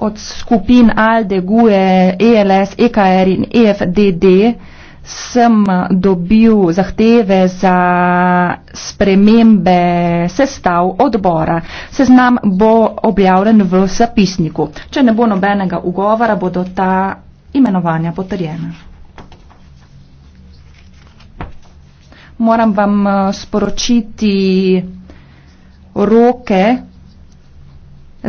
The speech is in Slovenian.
od skupin ALDE, GUE, ELS, EKR in EFDD sem dobil zahteve za spremembe sestav odbora. Seznam bo objavljen v zapisniku. Če ne bo nobenega ugovora, bodo ta imenovanja potrjena. Moram vam eh, sporočiti roke,